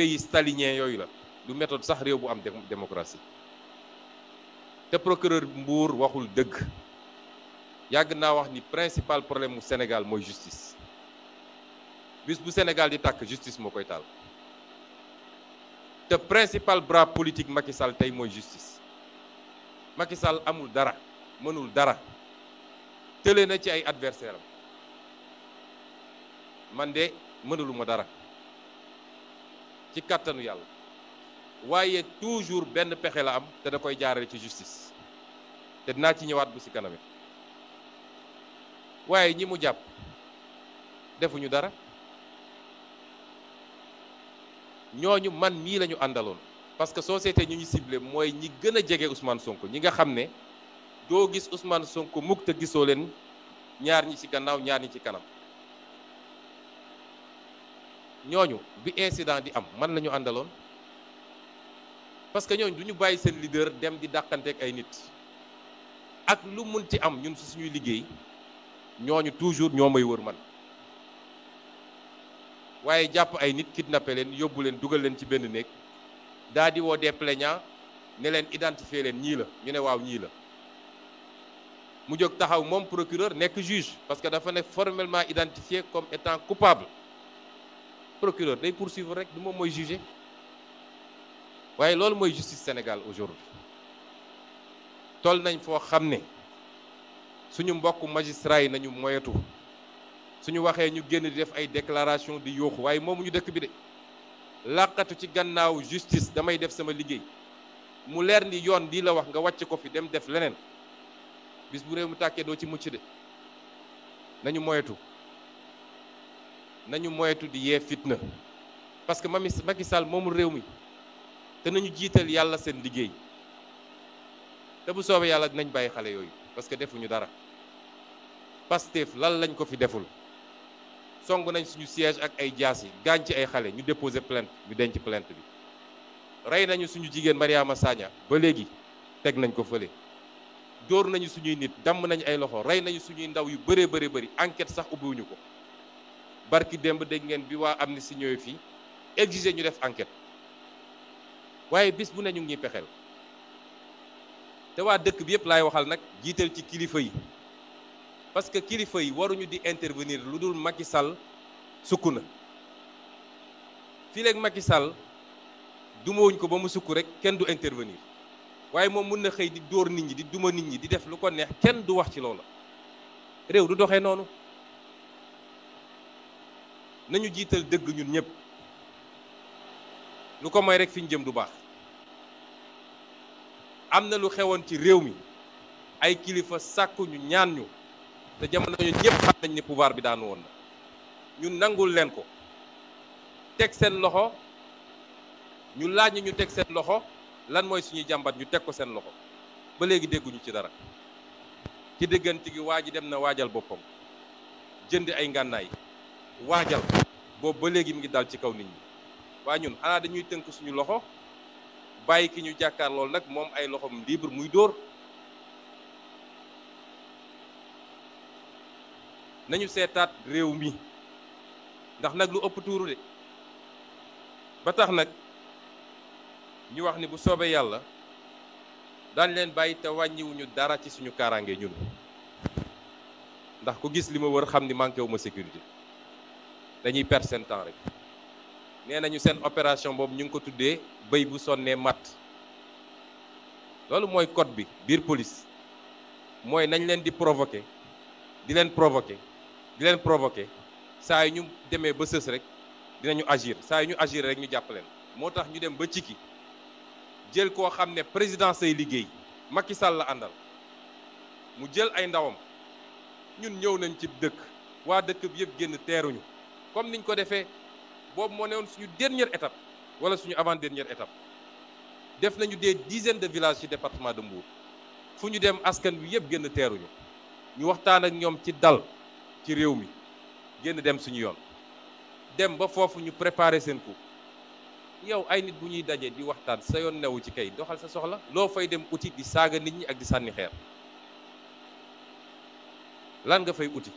pays yooyu la du méthode sax réew bu am démocratie te procureur Mbour waxul dëgg yàgg naa wax ni principal problème mu Sénégal mooy justice bis bu Sénégal di tàkk moo koy taal te principal bras politique Macky Sall tey mooy justice Macky Sall amul dara mënul dara tële na ci ay adversaire am man de mënaluma dara ci kàttanu yàlla waaye toujours benn pexe la am te da koy jaarale ci justice te dinaa ci ñëwaat bu si kanam waaye ñi mu jàpp defuñu dara ñooñu man mii lañu àndaloon parce que société ñu ñu ciblé mooy ñi gën a jege Ousmane Sonko ñi nga xam ne doo gis Ousmane Sonko mukk te gisoo leen ñaar ñi ci gannaaw ñaar ñi ci kanam. ñooñu bi incident di am man la ñu àndaloon parce que ñooñu duñu bàyyi seen leader dem di dàqanteeg ay nit ak lu mun ci am ñun su suñuy liggéey ñooñu toujours ñoo may wër man waaye jàpp ay nit nappe leen yóbbu leen dugal leen ci benn néeg daa di woo des plaignants ne leen identifier leen ñii la ñu ne waaw ñii la mu jóg taxaw moom procureur nekk juge parce que dafa nekk formellement identifié comme étant coupable procureur day poursuivre rek du moom mooy juger waaye loolu mooy justice Sénégal aujourd'hui toll nañ foo xam ne suñu mbokk magistrat yi nañu moyetu suñu waxee ñu génn di def ay déclaration di yooxu waaye moomu ñu dëkk bi de làqatu ci gannaaw justice damay def sama liggéey mu leer ni yoon lii la wax nga wàcc ko fi dem def leneen bis bu réew mu tàkkee doo ci mucc de nañu moyetu nañu moytu di yee fitna parce que mami Macky Sall moomul réew mi te nañu jiital yàlla seen liggéey te bu soobee yàlla dinañ bàyyi xale yooyu parce que defuñu dara Pastef lan lañ ko fi deful song nañ suñu siège ak ay jaas yi gaañ ci ay xale ñu déposer plainte ñu denc plainte bi rey nañu suñu jigéen Mariama Sagna ba léegi teg nañ ko fële jóor nañu suñuy nit damm nañu ay loxo rey nañu suñuy ndaw yu bëree bëri bëri enquête sax ubbiwuñu ko barki démb dégg ngeen bi waa am si ñëwee fii exiger ñu def enquête waaye bis bu ne ñu ngi pexeel te waa dëkk bi yëpp laay waxal nag jiital ci kilifa yi parce que kilifa yi waruñu di intervenir lu dul Macky Sall sukk na fii léegi Macky Sall dumawuñ ko ba mu sukk rek kenn du intervenir waaye moom mën na xëy di dóor nit ñi di duma nit ñi di def lu ko neex kenn du wax ci loola réew du doxee noonu nañu jiital dëgg ñun ñëpp lu ko moy rek fi ñu jëm du baax am na lu xewoon ci réew mi ay kilifa sàkku ñu ñaan ñu te jamono ñun ñëpp xam nañ ne pouvoir bi daanu woon na ñun nangul leen ko teg seen loxo ñu laaj ñu teg seen loxo lan mooy suñuy jàmbat ñu teg ko seen loxo ba léegi dégguñu ci dara ci diggante gi waa ji dem na waajal boppam jënd ay ngànnaay waajal boobu ba léegi mi ngi dal ci kaw nit ñi waa ñun xanaa dañuy tënk suñu loxo bàyyi ki ñu jàkkaar loolu nag moom ay loxoom libre muy dóor nañu seetaat réew mi ndax nag lu ëpp tuuru de ba tax nag ñu wax ni bu soobee yàlla daañ leen bàyyi te wàññiwuñu dara ci suñu kaaraange ñun ndax ku gis li ma wër xam ni manqué wu ma sécurité dañuy perdre seen temps rek nee nañu seen opération boobu ñu ngi ko tuddee béy bu sonnee matt loolu mooy code bi biir police mooy nañ leen di provoquer di leen provoquer di leen provoquer saa yu ñu demee ba sës rek dinañu agir saa yu ñu agir rek ñu jàpp leen moo tax ñu dem ba ciki jël koo xam ne président say liggéey Macky Sall la àndal mu jël ay ndawam ñun ñëw nañ ci dëkk waa dëkk bi yëpp génn teeruñu comme niñ ko defee boobu moo newoon suñu dernière étape wala suñu avant dernière étape def nañu des dizaines de village ci département de Mbour fu ñu dem askan wi yëpp génn teeruñu ñu waxtaan ak ñoom ci dal ci réew mi génn dem suñu yoon dem ba foofu ñu préparer seen coup yow ay nit bu ñuy dajee di waxtaan sa yoon newu ci kay doxal sa soxla loo fay dem uti di saaga nit ñi ak di sànni xeer lan nga fay uti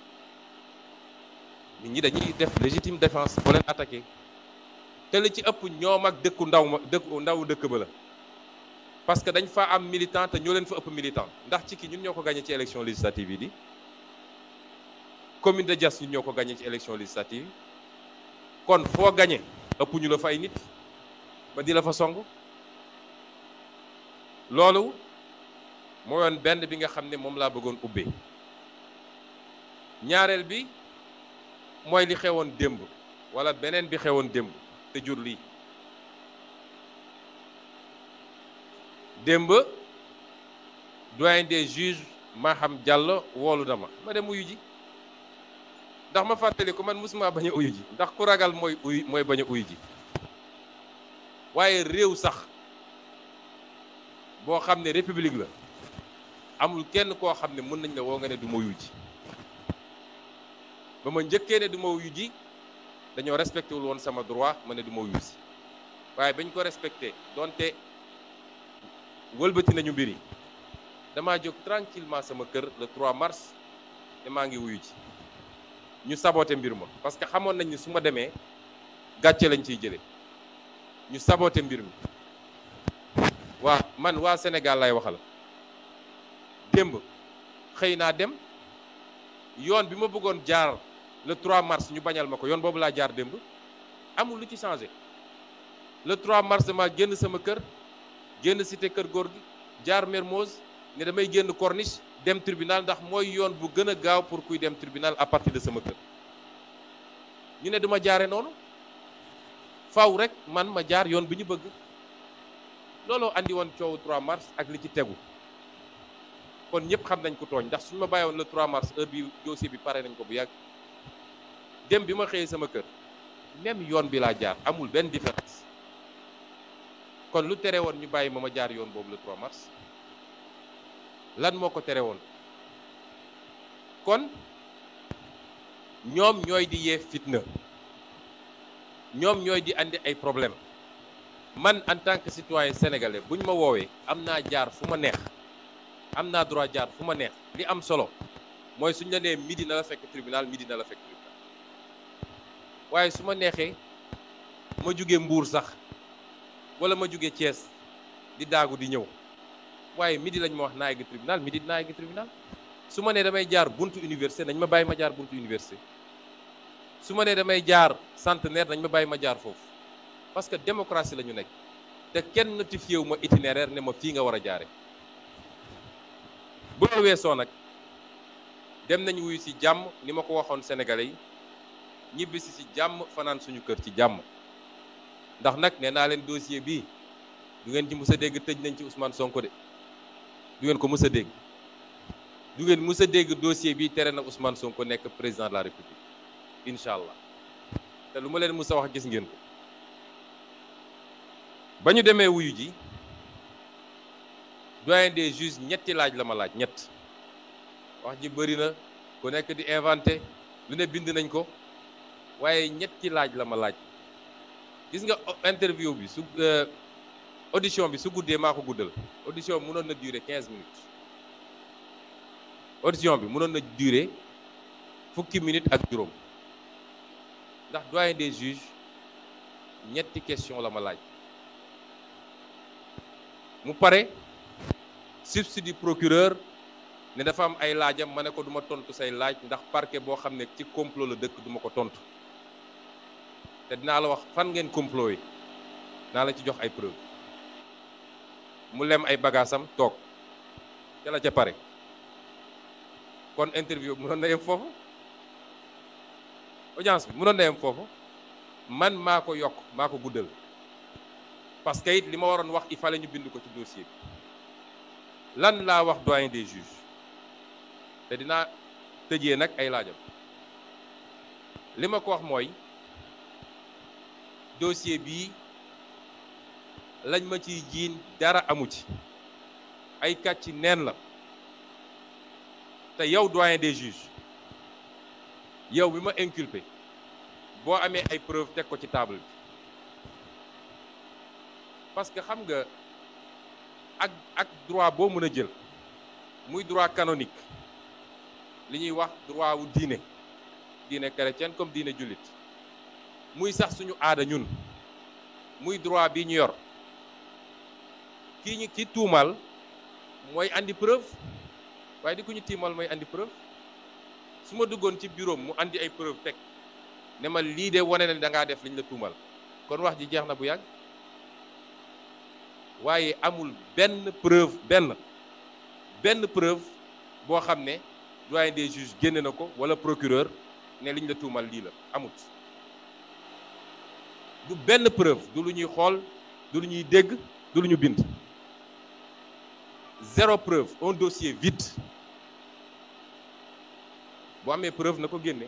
nit ñi dañuy def légitime défense boo leen attaqué te li ci ëpp ñoom ak dëkku ndaw ma dëkku ndaw dëkk ba la parce que dañ fa am militant te ñoo leen fa ëpp militant ndax ci ki ñun ñoo ko gagné ci élection législative yi di commune de Diass ñun ñoo ko gañee ci élection législative kon foo gañee ëpp ñu la fa ay nit ba di la fa song loolu mooyoon benn bi nga xam ne moom laa bëggoon ubbee ñaareel bi mooy li xewoon démb wala beneen bi xewoon démb te jur lii démb doyen des juges Maham Diallo woolu dama ma dem uyu ji ndax ma fàttali fàttaliku man mosuma bañ uyu ji ndax ku ragal mooy uyu mooy bañ uyu ji waaye réew sax boo xam ne république la amul kenn koo xam ne mën nañ la woo nga ne du ma uyu ji ba ma njëkkee ne du ma wuyu ji dañoo respecté wul woon sama droit ma ne du ma wuyu si waaye bañ ko respecté doonte wëlbati nañu mbir yi damaa jóg tranquillement sama kër le trois mars te maa ngi wuyu ji ñu saboote mbir ma parce que xamoon nañ ni su ma demee gàcce lañ ciy jële ñu saboote mbir mi waa man waa Sénégal lay waxal démb xëy naa dem yoon bi ma bëggoon jaar le trois mars ñu bañal ma ko yoon boobu laa jaar démb amul lu ci changé le 3 mars dama génn sama kër génn site kër góor gi jaar Mermoz ne damay génn corniche dem tribunal ndax mooy yoon bu gën a gaaw pour kuy dem tribunal à partir de sama kër ñu ne duma jaare noonu faw rek man ma jaar yoon bi ñu bëgg looloo indi woon coow 3 mars ak li ci tegu kon ñëpp xam nañ ko tooñ ndax suñu ma bàyyi woon le 3 mars heure bi dossier bi pare nañ ko bu yàgg dem bi ma xëyee sama kër même yoon bi laa jaar amul benn différence kon lu tere woon ñu bàyyi ma ma jaar yoon boobu la 3 mars lan moo ko tere woon kon ñoom ñooy di yee fitna ñoom ñooy di indi ay problème man en tant que citoyen sénégalais buñ ma woowee am naa jaar fu ma neex am naa droit jaar fu ma neex li am solo mooy suñ la nee midi na la fekk tribunal midi na la fekk. waaye su ma neexee ma jóge Mbuur sax walla ma jóge cees di daagu di ñëw waaye midi lañ ma wax naa yegg tribunal midi naa yegg tribunal su ma nee damay jaar buntu université nañ ma bàyyi ma jaar buntu université su ma nee damay jaar centenaire nañ ma bàyyi ma jaar foofu parce que démocratie la ñu nekk te kenn notifié wu ma itinéraire ne ma fii nga war a jaare bu la weesoo nag dem nañu wuyu ci jàmm ni ma ko waxoon sénégalais yi ñibbisi ci jàmm fanaan suñu kër ci jàmm ndax nag nee naa leen dossier bii du ngeen ci mës a dégg tëj nañ ci Ousmane Sonko de du ngeen ko mës a dégg du ngeen mës a dégg dossier bii tere na Ousmane ko nekk président de la République incha allah te lu ma leen mës a wax gis ngeen ko ba ñu demee wuyu ji doyen des juges ñetti laaj la ma laaj ñett wax ji bëri na ku nekk di inventé lu ne bind nañ ko waaye ñetti laaj la ma laaj gis nga interview bi su euh, audition bi su guddee maa ko guddal audition bi mënoon na durer 15 minutes bi mënoon na durer fukki minutes ak juróom ndax doyen des juges ñetti question la ma laaj mu pare substitut procureur ne dafa am ay laajam ma ne ko duma tontu say laaj ndax parquet boo xam ne ci complot la dëkk duma ko tontu te dinaa la wax fan ngeen complot yi naa la ci jox ay preuve mu lem ay bagaasam toog ca la ca pare kon interview mu doon na yem foofu audience bi mu doon na yem foofu man maa ko yokk maa ko guddal parce que it li ma waroon wax il fallait ñu bind ko ci dossier bi lan laa wax doyen des juges te dinaa tëjee nag ay laajam li ma ko wax mooy dossier bii lañ ma ciy jiin dara amu ci ay kàcc neen la te yow doyen des juges yow bi ma inculpé boo amee ay preuves teg ko ci table bi parce que xam nga ak ak droit boo mën a jël muy droit canonique li ñuy wax droit wu diine diine chrétienne comme diine jullit muy sax suñu aada ñun muy droit bi ñu yor kii ñu ki tuumaal mooy indi preuve waaye di ku ñu tiimal mooy indi preuve su ma duggoon ci bureau mu indi ay preuve teg ne ma lii de wane na da ngaa def liñ la tuumal kon wax ji jeex na bu yàgg waaye amul benn preuve benn benn preuve boo xam ne doyen des juges génne na ko wala procureur ne liñ la tuumal lii la amut du benn preuve du lu ñuy xool du lu ñuy dégg du lu ñu bind zéro preuve un dossier vide bu amee preuve na ko génne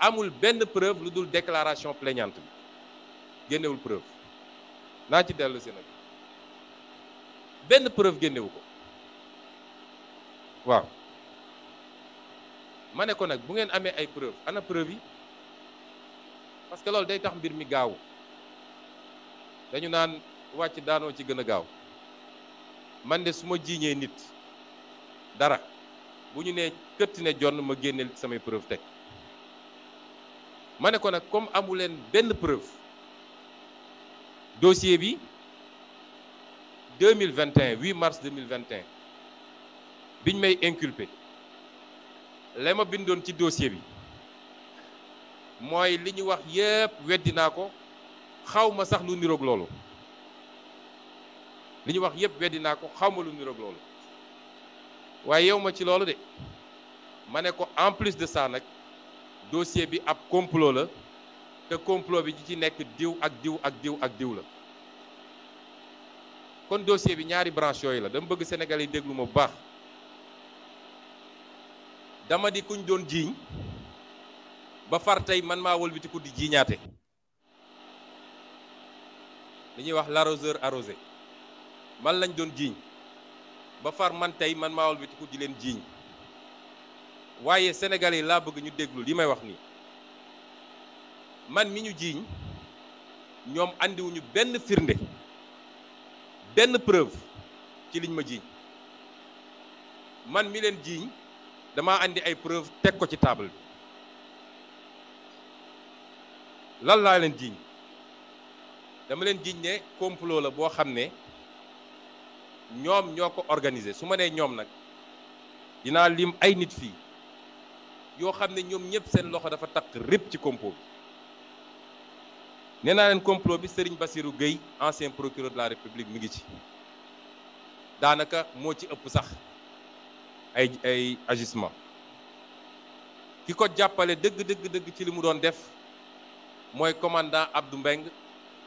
amul benn preuve lu dul déclaration plaignante bi génnewul preuve naa ci dellu si nag benn preuve génnewu ko waaw ma ne ko nag bu ngeen amee ay preuve ana preuve yi parce que loolu day tax mbir mi gaaw dañu naan wàcc daanoo ci gën a gaaw man de su ma jiiñee nit dara bu ñu nee këtt ne jonn ma génneel ci samay preuve teg ma ne ko nag comme amu leen benn preuve dossier bi 2021 8 mars 2021 biñ may inculpé la ma bindoon ci dossier bi mooy li ñu wax yépp weddi naa ko xawma sax lu niroog loolu li ñu wax yépp weddi naa ko xawma lu niroog loolu waaye yow ma ci loolu de ma ne ko en plus de sa nag dossier bi ab complot la te complot bi ji ci nekk diw ak diw ak diw ak diw la kon dossier bi ñaari branche yooyu la dama bëgg senegal yi déglu ma bu baax dama di kuñ doon jiiñ ba far tey man maa wëlbatiku di jiiñaate li ñuy wax l'arroseur arrosé man lañ doon jiiñ ba far man tey man maa wëlbatiku di leen jiiñ waaye senegal yi laa bëgg ñu déglu li may wax nii man mi ñu jiiñ ñoom indiwuñu benn firnde benn preuve ci liñ ma jiiñ man mi leen jiiñ damaa indi ay preuve teg ko ci table bi lan laa leen jiiñ dama leen jiiñ ne complot la boo xam ne ñoom ñoo ko organisé su ma nee ñoom nag dinaa lim ay nit fii yoo xam ne ñoom ñëpp seen loxo dafa takk rip ci complot bi nee naa leen complot bi Serigne Bassirou Gueye ancien procureur de la République mu ngi ci daanaka moo ci ëpp sax ay ay agissement ki ko jàppale dëgg dëgg dëgg ci li mu doon def mooy commandant Abdou Mbeng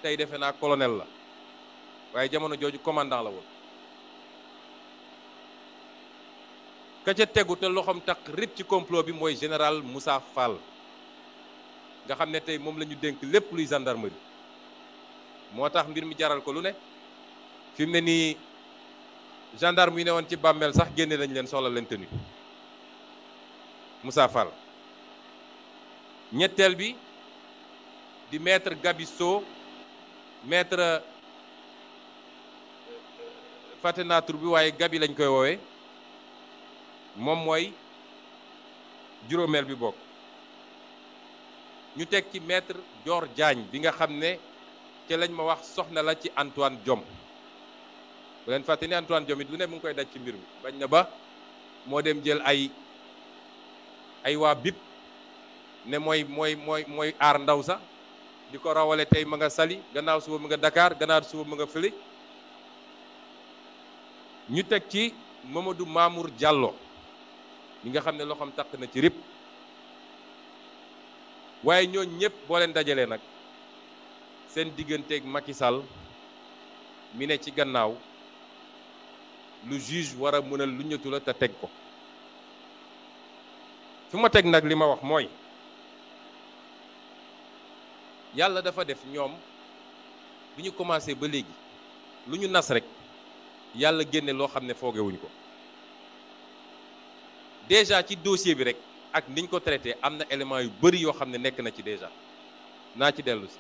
tey defe naa kolonel la waaye jamono jooju commandant la woon ka ca tegu te loxoom tax rib ci complot bi mooy général Moussa Fall nga xam ne tey moom lañu dénk lépp luy gendarmerie moo tax mbir mi jaral ko lu ne fi ne nii gendarme yi ne woon ci bàmmeel sax génne nañ leen soxla leen tenue Moussa Fall ñetteel bi di maître Gabisso maître euh, euh, fàtte naa tur bi waaye Gabi lañ koy woowee moom mooy juróomeel bi bokk ñu teg ci maître joor jaañ bi nga xam ne ca lañ ma wax soxna la ci Antoine jom bu leen fàtte ni Antoine Diome it lu ne mu ngi koy daj ci mbir mi bañ na ba moo dem jël ay ay waa bip ne mooy mooy mooy mooy aar ndaw sax di ko rawale tey ma nga Saly gannaaw suba ma nga dakaar gannaaw suba ma nga fële ñu teg ci Mamadou Mamour Diallo mi nga xam ne loxoom taq na ci rib waaye ñooñ ñëpp boo leen dajalee nag seen digganteeg Macky Sall mi ne ci gannaaw lu juge war a mënal lu ñëtu la te teg ko fu ma teg nag li ma wax mooy yàlla dafa def ñoom bi ñu commencé ba léegi lu ñu nas rek yàlla génne loo xam ne foogewuñ ko déjà ci dossier bi rek ak niñ ko traité am na élément yu bëri yoo xam ne nekk na ci déjà naa ci dellu si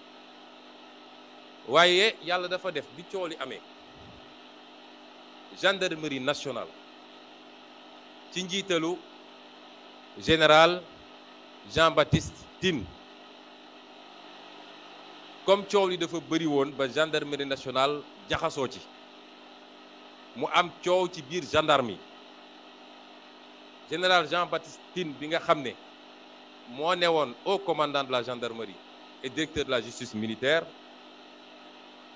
waaye yàlla dafa def bi coow li amee gendarmerie nationale ci njiitalu général Jean-Baptiste Tine comme coow li dafa bëri woon ba gendarmerie nationale jaxasoo ci mu am coow ci biir gendarmerie général Jean-Baptiste Tine bi nga xam ne moo ne woon au commandant la gendarmerie et directeur de la justice militaire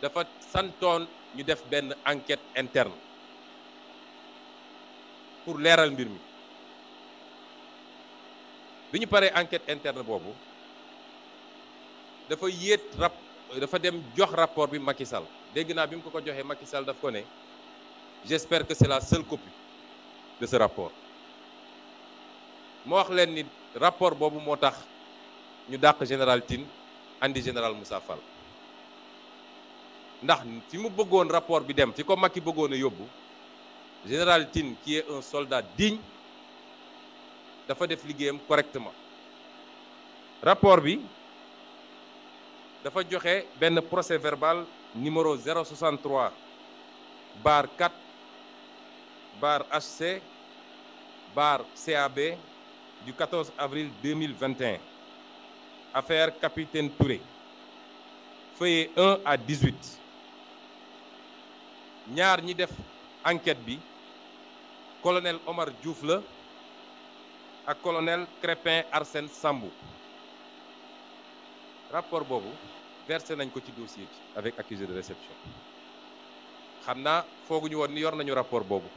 dafa santoon ñu def benn enquête interne pour leeral mbir mi bi ñu paree enquête interne boobu dafa yéet rap dafa dem jox rapport bi Macky Sall dégg naa bi mu ko ko joxee Macky sal daf ko ne j'espère que c'est la seule copie de ce rapport moo wax leen ni rapport boobu moo tax ñu dàq général Tine andi général mussa fal ndax fi mu bëggoon rapport bi dem ci ko Macky bëggoon a yóbbu général Tine qui un soldat digne dafa def liggéeyam correctement rapport bi dafa joxe benn procès verbal numéro 063 bar 4 bar HC bar CAB du 14 avril 2021 affaire capitaine Touré feuillet 1 à 18 ñaar ñi def enquête bi colonel Omar Diouf la ak colonel Crépin Arsène Sambou rapport boobu versé nañ ko ci dossier bi avec accusé de réception xam naa fooguñu woon ni yor nañu rapport boobu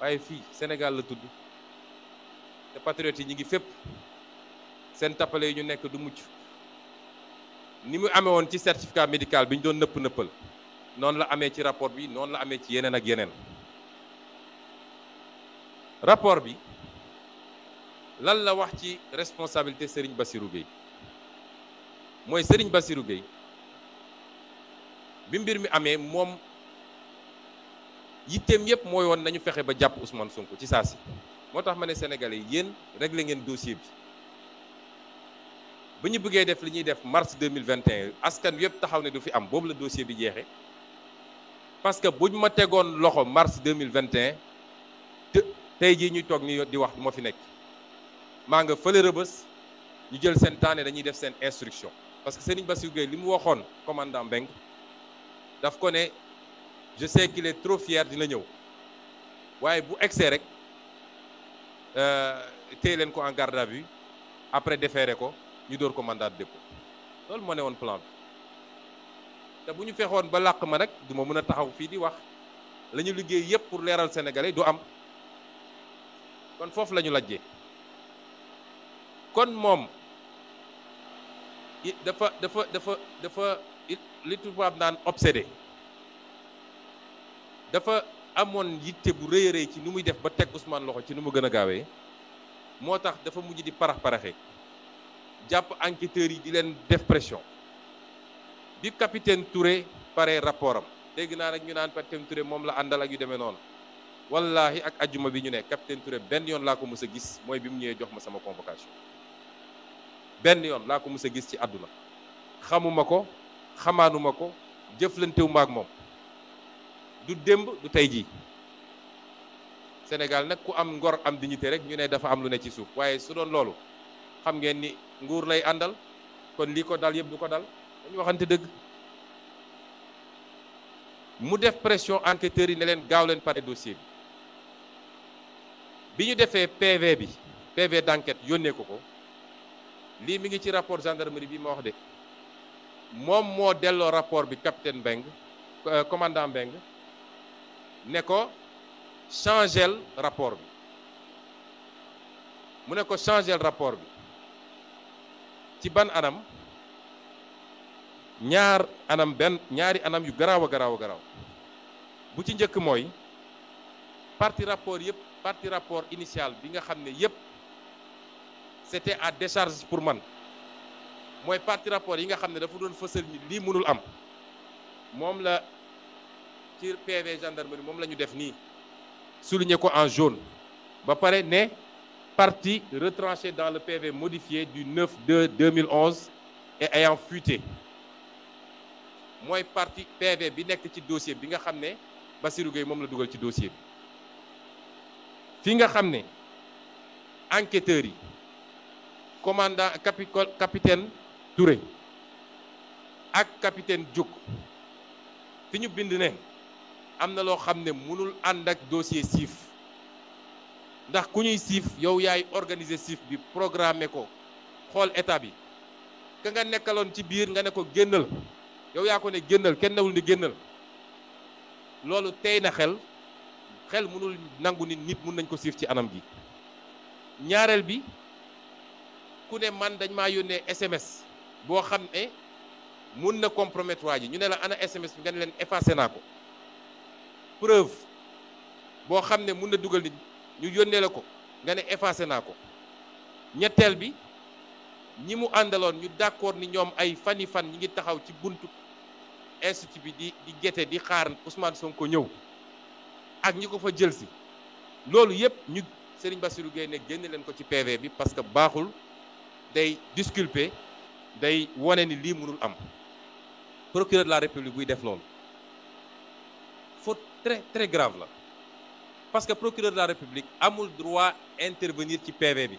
waaye fii Sénégal la tudd te patriotes yi ñu ngi fépp seen tappale yi ñu nekk du mucc ni mu amee woon ci certificat médical bi ñu doon nëpp nëppal noonu la amee ci rapport bi noonu la amee ci yeneen ak yeneen rapport bi lan la wax ci responsabilité Serigne Bassirou Gueye mooy Serigne Bassirou Gueye bi mbir mi amee moom yitteem yëpp mooy woon nañu fexe ba jàpp Ousmane Sonko ci saa si moo tax ma ne Sénégalais yéen la ngeen dossier bi ba ñu bëggee def li ñuy def mars 2021 askan yëpp taxaw ne du fi am boobu la dossier bi jeexee parce que buñ ma tegoon loxo mars 2021 te tey jii ñu toog ni di wax du ma fi nekk maa nga fële rëbës ñu jël seen temps dañuy def seen instruction parce que Serigne Bassirou Gueye li mu waxoon commandant Mbeng daf ko ne je sais trop fier dina ñëw waaye bu egsee rek euh, téye leen ko en garde à vue après déféré ko ñu dóor ko mandat loolu moo ne woon plan bi te bu ñu fexoon ba làq ma nag duma mën a taxaw fii di wax la ñu liggéey yépp pour leeral sénégalais du am kon foofu la ñu lajjee kon moom dafa dafa dafa dafa li tubaab naan obsédé dafa amoon yitte bu rëy rëy ci nu muy def ba teg Ousmane loxo ci ni mu gën a gaawee moo tax dafa mujj di parax paraxe jàpp enquêteurs yi di leen def pression bi capitaine Touré pare rapport am dégg naa nag ñu naan capitaine Touré moom la àndal ak yu demee noonu wallahi ak ajjuma bi ñu ne capitaine Touré benn yoon laa ko mës a gis mooy bi mu ñëwee jox ma sama convocation. benn yoon laa ko mës a gis ci àdduna xamuma ko xamaanuma ko jëflantewuma ak moom du démb du tey jii Sénégal nag ku am ngor am dignité rek ñu ne dafa am lu ne ci suuf waaye su doon loolu xam ngeen ni nguur lay àndal kon lii ko dal yëpp du ko dal dañu waxante dëgg mu def pression enquêteurs yi ne leen gaaw leen pare dossier bi bi ñu defee PV bi PV d'enquête yónnee ko ko lii mi ngi ci rapport gendarmerie bi ma wax de moom moo delloo rapport bi capitaine Mbeng euh, commandant Mbeng ne ko changel rapport bi mu ne ko changel rapport bi ci ban anam ñaar anam benn ñaari anam yu garaaw a garaaw a garaaw bu ci njëkk mooy parti rapport yëpp parti rapport initial bi nga xam ne yëpp c'était à décharge pour man mooy parti rapport yi nga xam ne dafa doon fësal ni lii mënul am moom la ci PV gendarmerie moom la ñu def nii souligner ko en jaune ba pare ne parti retranché dans le PV modifier du 9 mille 2011 et ayant fuité mooy parti PV bi nekk ci dossier bi nga xam ne Bassirou Gueye moom la dugal ci dossier bi fi nga xam ne enquêteurs yi commandant capitaine Touré ak capitaine Diouk fi ñu bind ne am na loo xam ne mënul ànd ak dossier siif ndax ku ñuy siif yow yaay organiser siif bi programme ko xool état bi ka nga nekkaloon ci biir nga ne ko génnal yow yaa ko ne génnal kenn newul ni génnal loolu tey na xel xel mënul nangu ni nit mën nañ ko siif ci anam gi ñaareel bi ku ne man dañ maa yónnee SMS boo xam ne mun na compromettre waa ji ñu ne la ana SMS bi nga ne leen effacé naa ko preuve boo xam ne mun na dugal nit ñu yónnee la ko nga ne effacé naa ko ñetteel bi ñi mu àndaloon ñu d'accord ni ñoom ay fani fan ñi ngi taxaw ci buntu institut bi di di gete di xaar Ousmane ko ñëw ak ñi ko fa jël si loolu yëpp ñu Serigne Bassirou Gueye génn leen ko ci PV bi parce que baaxul day disculper day wane ni lii mënul am procureur de la république buy def loolu faute très très grave la parce que procureur de la république amul droit intervenir ci PV bi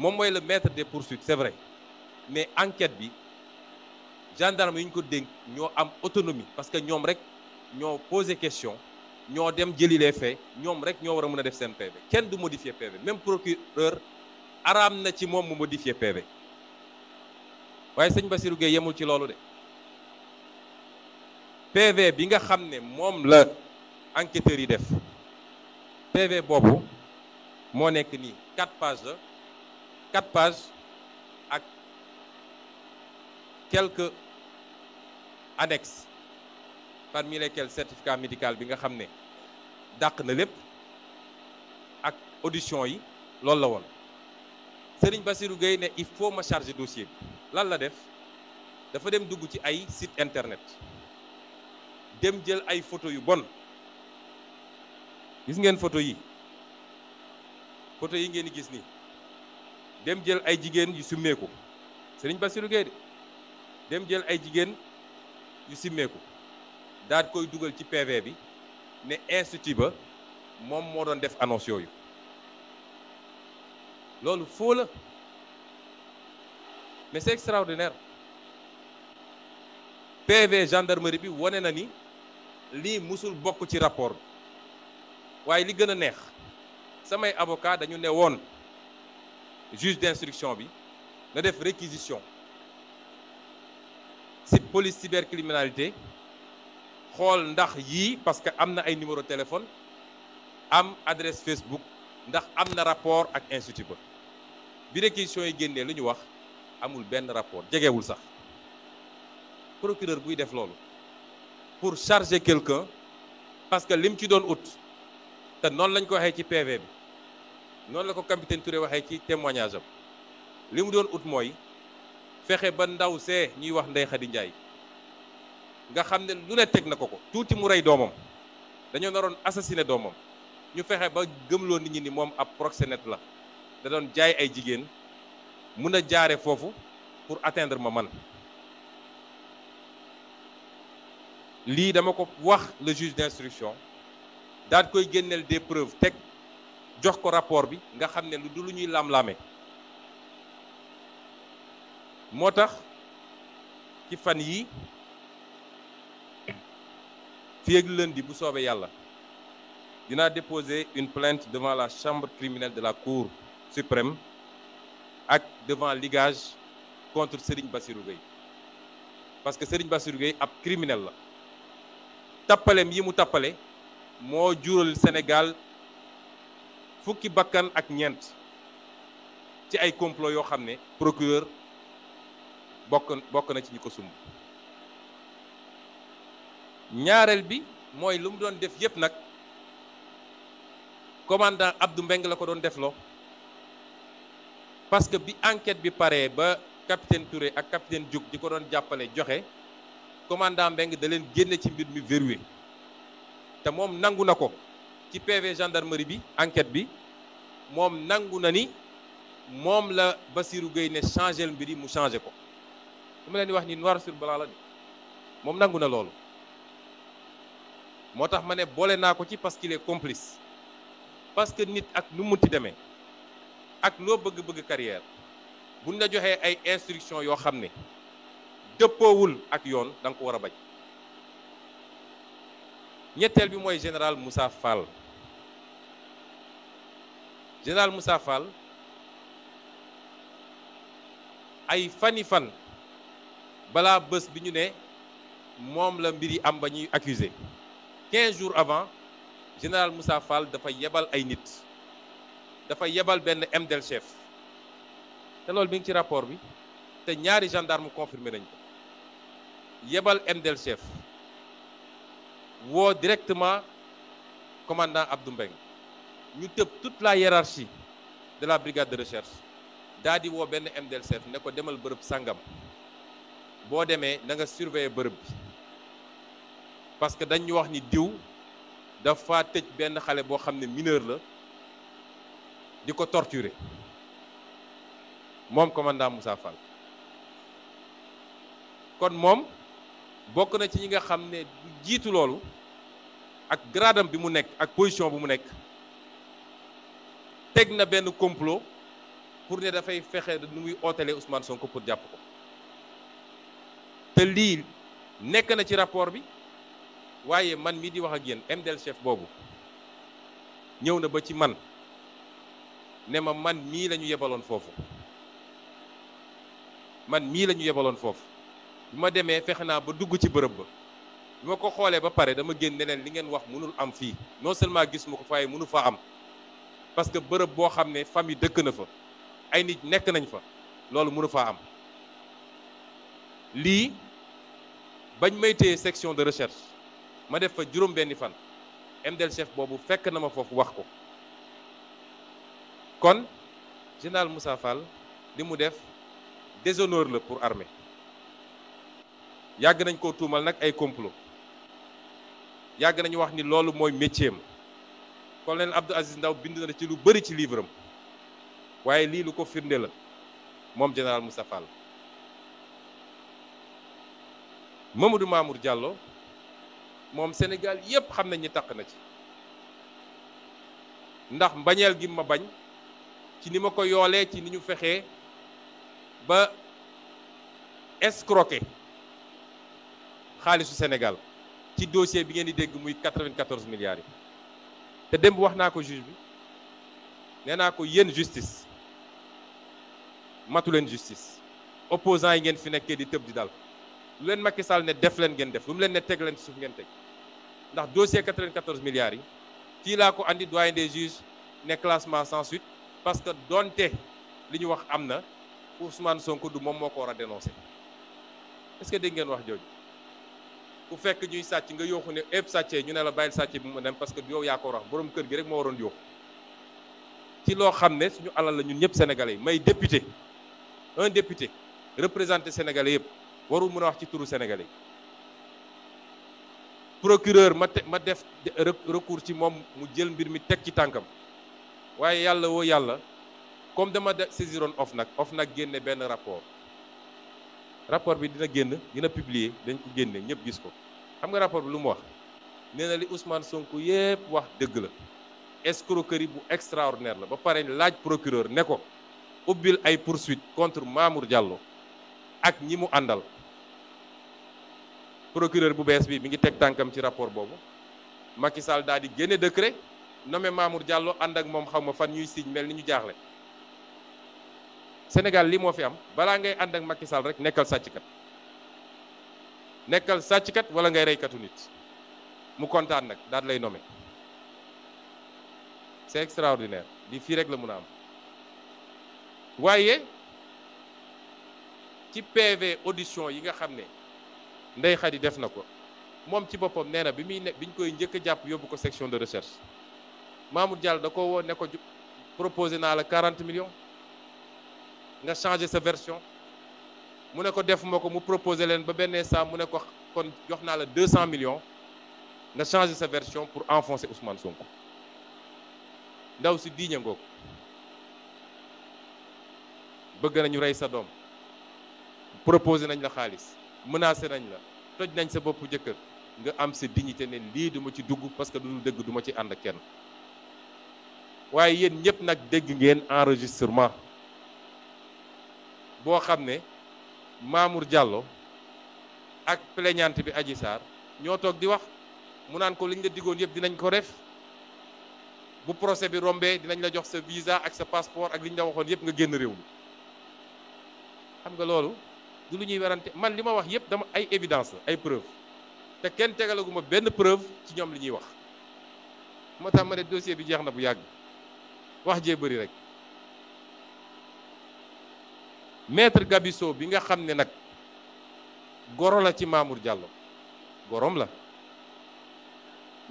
moom mooy le maître des poursuites c'est vrai mais enquête bi gendarme yi ñu ko dénk ñoo am autonomie parce que ñoom rek ñoo posé question ñoo dem jëli les faits ñoom rek ñoo war a mën a def seen PV kenn du modifier PV même procureur araam na ci moom mu modifier PV waaye sëñ Bassirou Gueye yemul ci loolu de PV bi nga xam ne moom la enquêteurs yi def PV boobu moo nekk nii quat pages la quatre pages ak quelques annexes parmi lesquelles certificat médical bi nga xam ne dàq na lépp ak audition yi loolu la woon Serigne Bassirou Gueye ne il faut ma charger dossier bi lan la def dafa dem dugg ci ay site internet dem jël ay photo yu bon gis ngeen photo yi photo yi ngeen di gis ni dem jël ay jigéen yu simmeeku sëriñ basiru Gueye de dem jël ay jigéen yu simmeeku daal koy dugal ci PV bi ne institut ba moom moo doon def annonce yu loolu faux la mais c'est extraordinaire PV gendarmerie bi wane na ni lii musul bokk ci rapport bi waaye li gën a neex samay avocat dañu ne woon juge d'instruction bi na def réquisition ci police cybercriminalité xool ndax yii parce que am na ay numéro téléphone am adresse Facebook ndax am na rapport ak institut ba bi réquisition yi génnee lu ñu wax amul benn rapport jegewul sax procureur buy def loolu pour charger quelqu'un parce que lim ci doon ut te noonu lañ ko waxee ci PV bi noonu la ko capitaine Touré waxee ci témoignage am li mu doon ut mooy fexe ba ndaw see ñuy wax Ndeye Khady Ndiaye nga xam ne lu ne teg na ko ko tuuti mu rey doomam dañoo naroon assassiné doomam ñu fexe ba gëmloo nit ñi ni moom ab proxénète la da doon jaay ay jigéen mën a jaare foofu pour atteindre ma man lii dama ko wax le juge d'instruction daal koy génneel des preuves teg jox ko rapport bi nga xam ne lu du lu ñuy lam-lame moo tax ci fan yii fii ak lundi bu soobee yàlla dinaa déposer une plainte devant la chambre criminelle de la cour suprême ak devant ligage contre Serigne Bassirou Gueye parce que Serigne Bassirou Gueye ab criminel la tappalem yi mu tappale moo jural Sénégal fukki bakkan ak ñeent ci ay complot yoo xam ne procureur bokk na ci ñu ko sumb ñaareel bi mooy lu mu doon def yépp nag commandant Abdou Mbengue la ko doon defloo parce que bi enquête bi paree ba capitaine Touré ak capitaine Diouf di ko doon jàppale joxe commandant Mbengue da leen génne ci mbir mi verrouillé te moom nangu na ko ci PV gendarmerie bi enquête bi moom nangu na ni moom la bassiru Gueye ne changé mbir yi mu changé ko su ma leen di wax ni noir sur blanc la ni moom nangu na loolu moo tax ma ne boole naa ko ci parce qu'il est complice parce que nit ak nu mu munti demee. ak loo bëgg-bëgg carrière buñ la joxee ay instruction yoo xam ne dëppoowul ak yoon da ko war a bañ ñetteel bi mooy général Moussa Fall général Moussa Fall ay fani fan balaa bés bi ñu ne moom la mbir yi am ba ñuy accusé 15 jours avant général Moussa Fall dafa yebal ay nit dafa yebal benn MDL chef te loolu bi ngi ci rapport bi te ñaari gendarme confirmé nañ ko yebal MDL chef woo directement commandant Abdou Mbengue ñu tëb toute la hiérarchie de la brigade de recherche daa di woo benn MDL chef ne ko demal bërëb sangam boo demee na nga surveiller bërëb bi parce que dañ wax ni diw dafa tëj benn xale boo xam ne mineur la. di ko torturer moom commandant Moussa Fall kon moom bokk na ci ñi nga xam ne du jiitu loolu ak gradam bi mu nekk ak position bi mu nekk teg na benn complot pour ne dafay fexe nu muy ootalee Ousmane Sonko pour jàpp ko te lii nekk na ci rapport bi waaye man mii di wax ak yéen MDL chef boobu ñëw na ba ci man ne ma man mii la ñu yebaloon foofu man mii la ñu yebaloon foofu bi ma demee fexe naa ba dugg ci bërëb ba bi ma ko xoolee ba pare dama génn ne li ngeen wax mënul am fii non seulement gis ma ko faaye mënu fa am parce que bërëb boo xam ne famille dëkk na fa ay nit nekk nañ fa loolu mënu faa am lii bañ may téye section de recherche ma def fa juróom benni fan MDL chef boobu fekk na ma foofu wax ko kon général Moussa li mu def déshonneur la pour armée yàgg nañ koo tuumal nag ay complot yàgg nañu wax ni loolu mooy métier am colonel Abdou Aziz Ndaw bind na ci lu bari ci livre am waaye lii lu ko firnde la moom général Moussa Fall Mamadou Mamour jàlloo moom Sénégal yépp xam nañ ni taq na ci ndax mbañeel gi ma bañ ci ni ma ko yoolee ci ni ñu fexee ba escroquer xaalisu Sénégal ci dossier bi ngeen di dégg muy 94 milliards yi te démb wax naa ko juge bi nee naa ko yéen justice matu leen justice opposant yi ngeen fi nekkee di tëb di dal lu leen Macky Sall ne def leen ngeen def lu mu leen ne teg leen ci suuf ngeen teg ndax dossier 94 milliards yi fii laa ko indi doyen des juges ne classement sans suite parce que donte li ñu wax am na Ousmane Sonko du moom moo ko war a dénoncé est que dégg ngeen wax jooju ku fekk ñuy sàcc nga yooxu ne ëpp sàccee ñu ne la bàyyil sàcce bi mu dem parce que yow yaa ko war a wax borom kër gi rek moo waroon yooxu ci loo xam ne suñu alal la ñun ñëpp sénégalais yi may député un député représenté sénégalais yëpp warul mën a wax ci turu sénégalais procureur ma def recours ci moom mu jël mbir mi teg ci tànkam waaye yàlla woo yàlla comme dama nag OFNAC nag génne benn rapport rapport bi dina génn dina publier dañ ko génne ñëpp gis ko xam nga rapport bi lu mu wax nee na li Ousmane Sonko yépp wax dëgg la escroquerie bu extraordinaire la ba pare laaj procureur ne ko ubbil ay poursuite contre Mamour jàlloo ak ñi mu àndal procureur bu bees bi mi ngi teg tànkam ci rapport boobu Macky Sall daal di génne décret nommé Mamour jàlloo ànd ak moom xaw ma fan ñuy siñ mel ni ñu jaaxle Sénégal lii moo fi am balaa ngay ànd ak Macky Sall rek nekkal sàcckat nekkal sàcckat wala ngay reykatu nit mu kontaan nag daal lay nome c'est extraordinaire di fii rek la mun a am waaye ci PV audition yi nga xam ne Ndeye Khady def na ko moom ci boppam nee na bi muy ne bi ñu koy njëkk jàpp yóbbu ko section de recherche Mamour Diallo da ko woo ne ko proposé naa la quarante millions nga changé sa version mu ne ko defuma ko mu proposé leen ba benn saa mu ne ko kon jox naa la 200 million nga changé sa version pour enfoncer Ousmane Sonko ndaw si diiña ngoog bëgg nañu rey sa doom proposé nañ la xaalis menacé nañ la toj nañ sa bopp jëkkër nga am si sa te ne lii duma ci dugg parce que du dul dëgg duma ci ànd ak kenn waaye yéen ñëpp nag dégg ngeen enregistrement boo xam ne Mamour jàlloo ak plaignante bi aji Sarr ñoo toog di wax mu naan ko liñ la diggoon yëpp dinañ ko def bu procès bi rombee dinañ la jox sa visa ak sa passeport ak li ñu la waxoon yëpp nga génn réew mi xam nga loolu du lu ñuy werante man li ma wax yëpp dama ay évidence la ay preuve te kenn tegalaguma benn preuve ci ñoom li ñuy wax moo tax ma ne dossier bi jeex na bu yàgg wax jee bari rek maître Gabisso bi nga xam ne nag goro la ci Mamour Diallo gorom la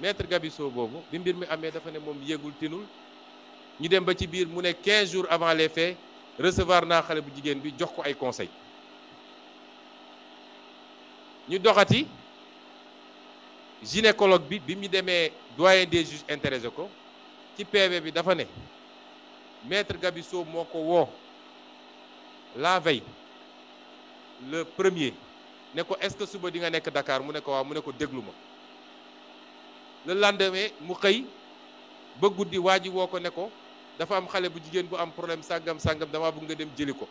maître Gabisso boobu bi mbir mi amee dafa ne moom yëgul tinul ñu dem ba ci biir mu ne 15 jours avant les faits recevoir naa xale bu jigéen bi jox ko ay conseil ñu doxati gynécologue bi bi mu demee doyen des juges intéressé ko ci PV bi dafa ne maître Gabisso moo ko woo la veille le premier ne ko est-ce que suba di nga nekk dakaar mu ne ko waaw mu ne ko déglu ma le lendemain mu xëy ba guddi waa ji woo ko ne ko dafa am xale bu jigéen bu am problème sàngam sàngam damaa bëgg nga dem jëli ko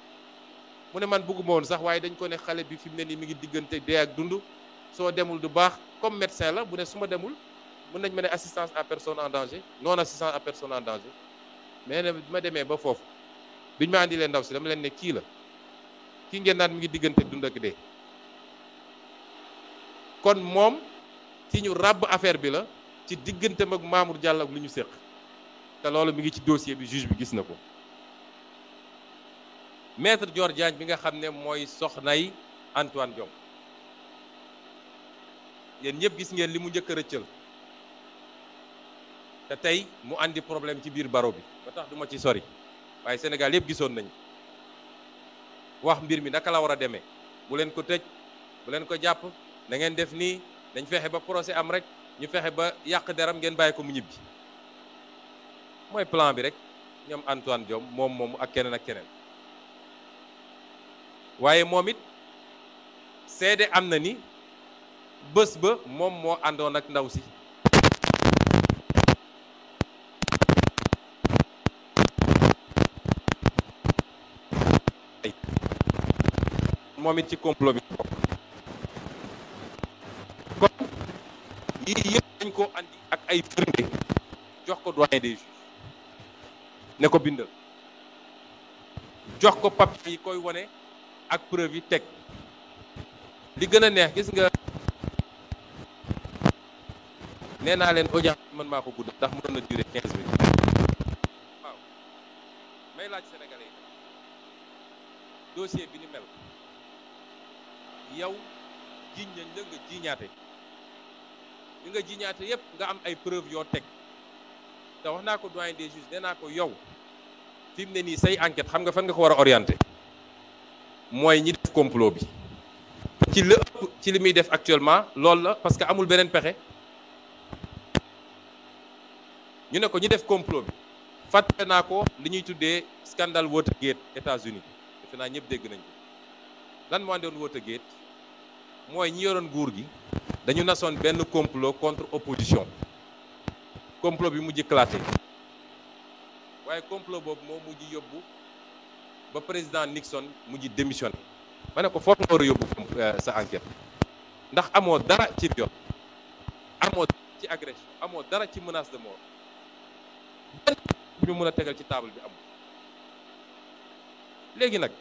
mu ne man bëgguma woon sax waaye dañ ko ne xale bi fi mu ne nii mi ngi diggante dee ak dund soo demul du baax comme médecin la bu ne su demul mun nañ ma ne assistance à personne en danger non assistance à personne mais nag bi ma demee ba foofu biñ ma andi leen ndaw si dama leen ne kii la kii ngeen naan mi ngi diggante dund ak kon moom ci ñu ràbb affaire bi la ci diggante ak Mamour Diallo ak lu ñu séq te loolu mu ngi ci dossier bi juge bi gis na ko maître joor Diagne bi nga xam ne mooy soxnay Antoine Diome yéen ñëpp gis ngeen li mu njëkk a rëccal tey mu andi problème ci biir baro bi ba tax du ma ci sori waaye Sénégal yëpp gisoon nañ wax mbir mi naka la war a demee bu leen ko tëj bu leen ko jàpp na def nii dañ fexe ba procès am rek ñu fexe ba yàq deram ngeen bàyyi ko mu ñibbi mooy plan bi rek ñoom Antoine Diome moom moomu ak keneen ak keneen waaye moom it seede am na ni bés ba moom moo àndoon ak ndaw si moom it ci complot bi bokk kon yii yëpp dañ koo andi ak ay firnde jox ko doyen des juges ne ko bindal jox ko papier yi koy wone ak preuve yi teg li gën a neex gis nga nee naa leen audience mën maa ko gudd ndax mënoon na durer quinze minutes waaw may laaj sénégalais yi bi ni mel yow jiñ nañ la nga jiñaate li nga jiñaate yépp nga am ay preuve yoo teg te wax naa ko doyen des juges nee naa ko yow fi mu ne nii say enquête xam nga fan nga ko war a orienté mooy ñi def complot bi ci li ci li muy def actuellement loolu la parce que amul beneen pexe ñu ne ko ñi def complot bi fàtte naa ko li ñuy tuddee scandale Watergate États-Unis defe naa ñëpp dégg nañ ko lan moo andoon Watergate mooy ñi yoroon guur gi dañu nasoon benn complot contre opposition complot bi mujj éclaté waaye complot boobu moo mujj yóbbu ba président Nixon mujj démissionné ma ne ko foog nga war a yóbbu euh, sa enquête ndax amoo dara ci viol amoo dara ci agression amoo dara ci menace de mort benn ñu mën a tegal ci taabal bi amul léegi nag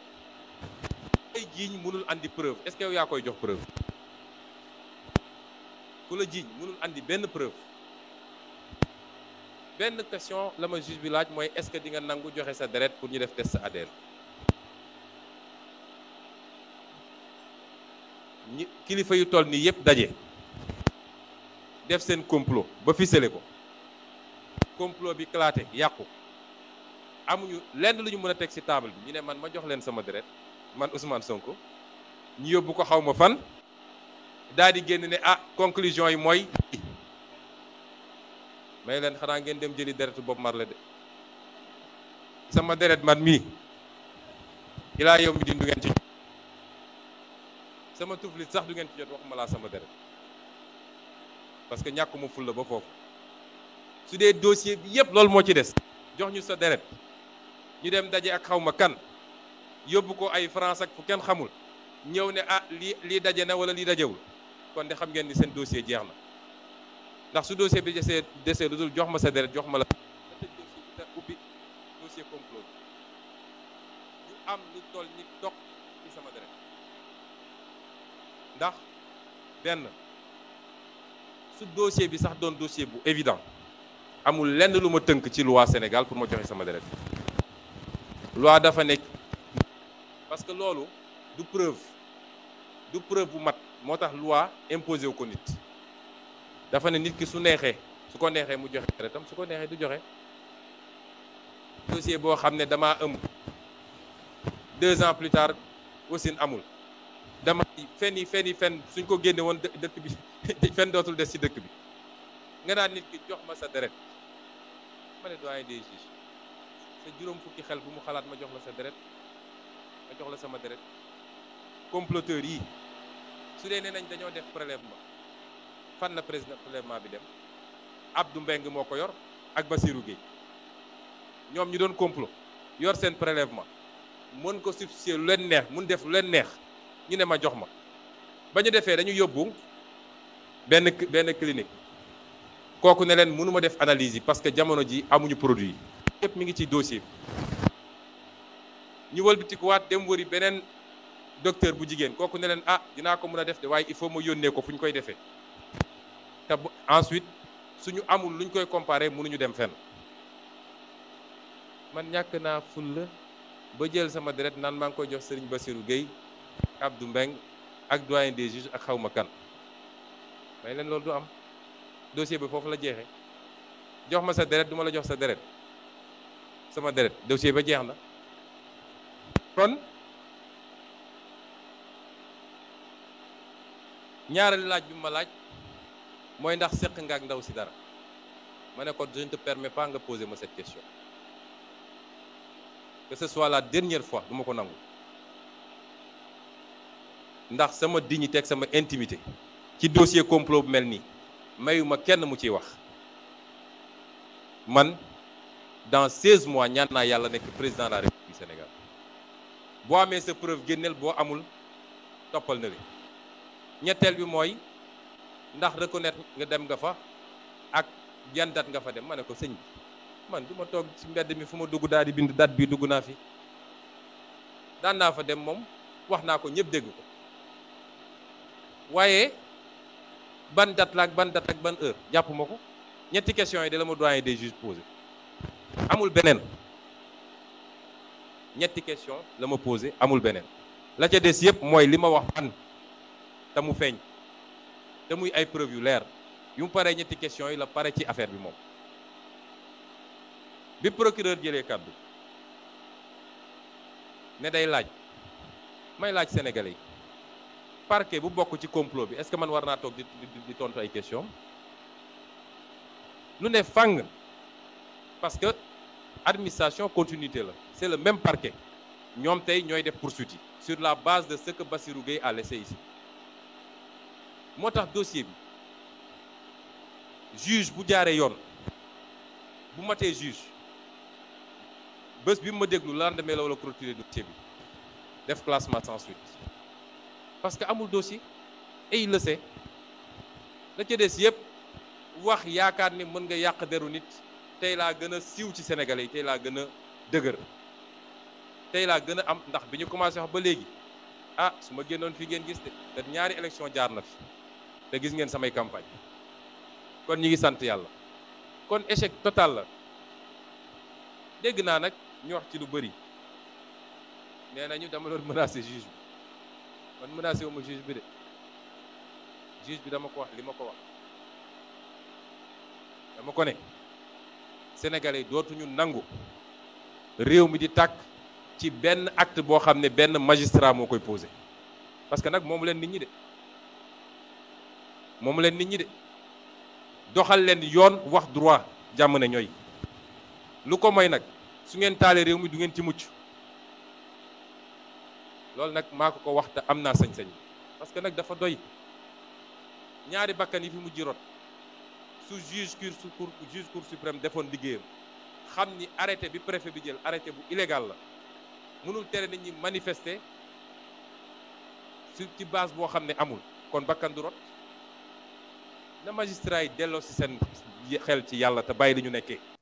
jiiñ mënul andi preuve yaa koy jox preuve ku la jiiñ mënul benn preuve benn question la ma juge bi laaj mooy ce que di nga nangu joxe sa deret pour ñu def test ADN ñi kilifa yu toll nii yëpp daje def seen complot ba ficelé ko complot bi éclaté yàqu amuñu lenn lu ñu mën a teg ci table bi ñu ne man ma jox leen sama deret man Ousmane Sonko ñu yóbbu ko xaw ma fan daal di génn ne ah conclusion yi mooy may leen xanaa ngeen dem jëli deretu Bob Marley de sama deret man mii ilaa yow mi di du ngeen ci sama tuflit sax du ngeen ci jot ma laa sama deret parce que ñàkkuma ful la ba foofu su dee dossier bi yépp loolu moo ci des jox ñu sa deret ñu dem daje ak xaw ma kan yóbbu ko ay France ak fu kenn xamul ñëw ne ah lii lii daje na wala lii dajewul kon de xam ngeen ni seen dossier jeex na ndax su dossier bi desee desee lu jox ma sa deret jox ma la te ubbi dossier am lu toll ni benn su dossier bi sax doon dossier bu évident amul lenn lu ma tënk ci loi Sénégal pour ma joxe sama deret loi dafa nekk parce que loolu du preuve du preuve bu mat moo tax loi imposé wu ko nit dafa ne nit ki su neexee su ko neexee mu joxe deretam su ko neexee du joxe dossier boo xam ne damaa ëmb deux ans plus tard wasin amul dama fen yi fen yi fen suñ ko génne woon dëkk bi fen dootul des ci dëkk bi nga naan nit ki jox ma sa deret ma ne doyen des juges sa juróom fukki xel bu mu xalaat ma jox la sa deret jox la sama deret comploteurs yi su dee nee nañ dañoo def prélèvement fan la président prélèvement bi dem ab Abdou Mbengue moo ko yor ak Bassirou Gueye ñoom ñu doon complot yor seen prélèvement mën ko substituer lu leen neex mun def lu leen neex ñu ne ma jox ma ba ñu defee dañu yóbbu benn benn clinique kooku ne leen mënuma def analyse yi parce que jamono ji amuñu produit yi yëpp mu ngi ci dossier ñu wëlbatikuwaat dem wëri beneen docteur bu jigéen kooku ne leen ah dinaa ko mën a def de waaye il faut ma yónnee ko fu ñu koy defee te ensuite suñu amul luñ koy comparer mënuñu dem fen man ñàkk naa fulla ba jël sama deret naan maa ngi koy jox Serigne Bassirou ab du Mbeng ak doyen des juges ak xawma kan may leen loolu du am dossier ba foofu la jeexee jox ma sa deret du ma la jox sa deret sama deret dossier ba jeex na kon ñaareelu laaj bi ma laaj mooy ndax séq nga ak ndaw si dara ma ne ko je ne nga poser ma cette question que ce soit la dernière fois du ma ko nangu ndax sama dignité teg sama intimité ci dossier complot bu mel nii mayuma kenn mu ciy wax man dans 16 mois ñaan naa yàlla nekk président la République Sénégal boo amee sa preuve génneel boo amul toppal na le ñetteel bi mooy ndax reconnaître nga dem nga fa ak yan date nga fa dem ma ne ko sëñ bi man du ma toog ci mbedd mi fu ma dugg daal di bind date bi dugg naa fi daan naa fa dem moom wax naa ko ñëpp dégg ko waaye ban date la ban date ak ban heure jàpp ko ñetti question yi da la ma doyen des juges posé amul beneen ñetti question la ma posé amul beneen la ca des yëpp mooy li ma wax an te mu feeñ te muy ay preuve yu leer yu mu paree ñetti question yi la pare ci affaire bi moom bi procureur jëlee kàddu ne day laaj may laaj sénégalais yi parquet bu bokk ci complot bi est-ce que man war naa toog di di tontu ay question lu ne fàng parce que administration continuité la c'est le même parquet ñoom tey ñooy def poursuite yi sur la base de ce que Bassirou Gueye a laissé moo tax dossier bi juge bu jaaree yoon bu matee juge bés bi mu ma déglu lendemain la wala clôturer dossier bi def classement sans suite parce que amul dossier et il le sait la ca des yëpp wax yaakaar ni mën nga yàq deru nit tey laa gën a siiw ci Sénégalais yi tey laa gën a dëgër tey laa gën a am ndax bi ñu commencé wax ba léegi ah su ma génnoon fii ngeen gis te te ñaari élection jaar na fi te gis ngeen samay campagne kon ñi ngi sant yàlla kon échec total la dégg naa nag ñu wax ci lu bëri nee ñu dama doon menacé juge bi man menacé wu ma juge bi de juge bi dama ko wax li ma ko wax dama ko ne sénégalais dootuñu nangu réew mi di tàkk ci benn act boo xam ne benn magistrat moo koy posé parce que nag moom leen nit ñi de moom leen nit ñi de doxal leen yoon wax droit jàmm ne ñooy lu ko moy nag su ngeen taalee réew mi du ngeen ci mucc loolu nag maa ko ko wax am naa sañ-sañ parce que nag dafa doy ñaari bakkan yi fi mujj rot su juge cour juge cour suprême defoon liggéeyam xam ni arrêté bi préfet bi jël arrêté bu illégal la mënul tere nit ñi manifester su ci base boo xam ne amul kon bakkan na magistrat yi delloo si seen xel ci yàlla te bàyyi li ñu nekkee.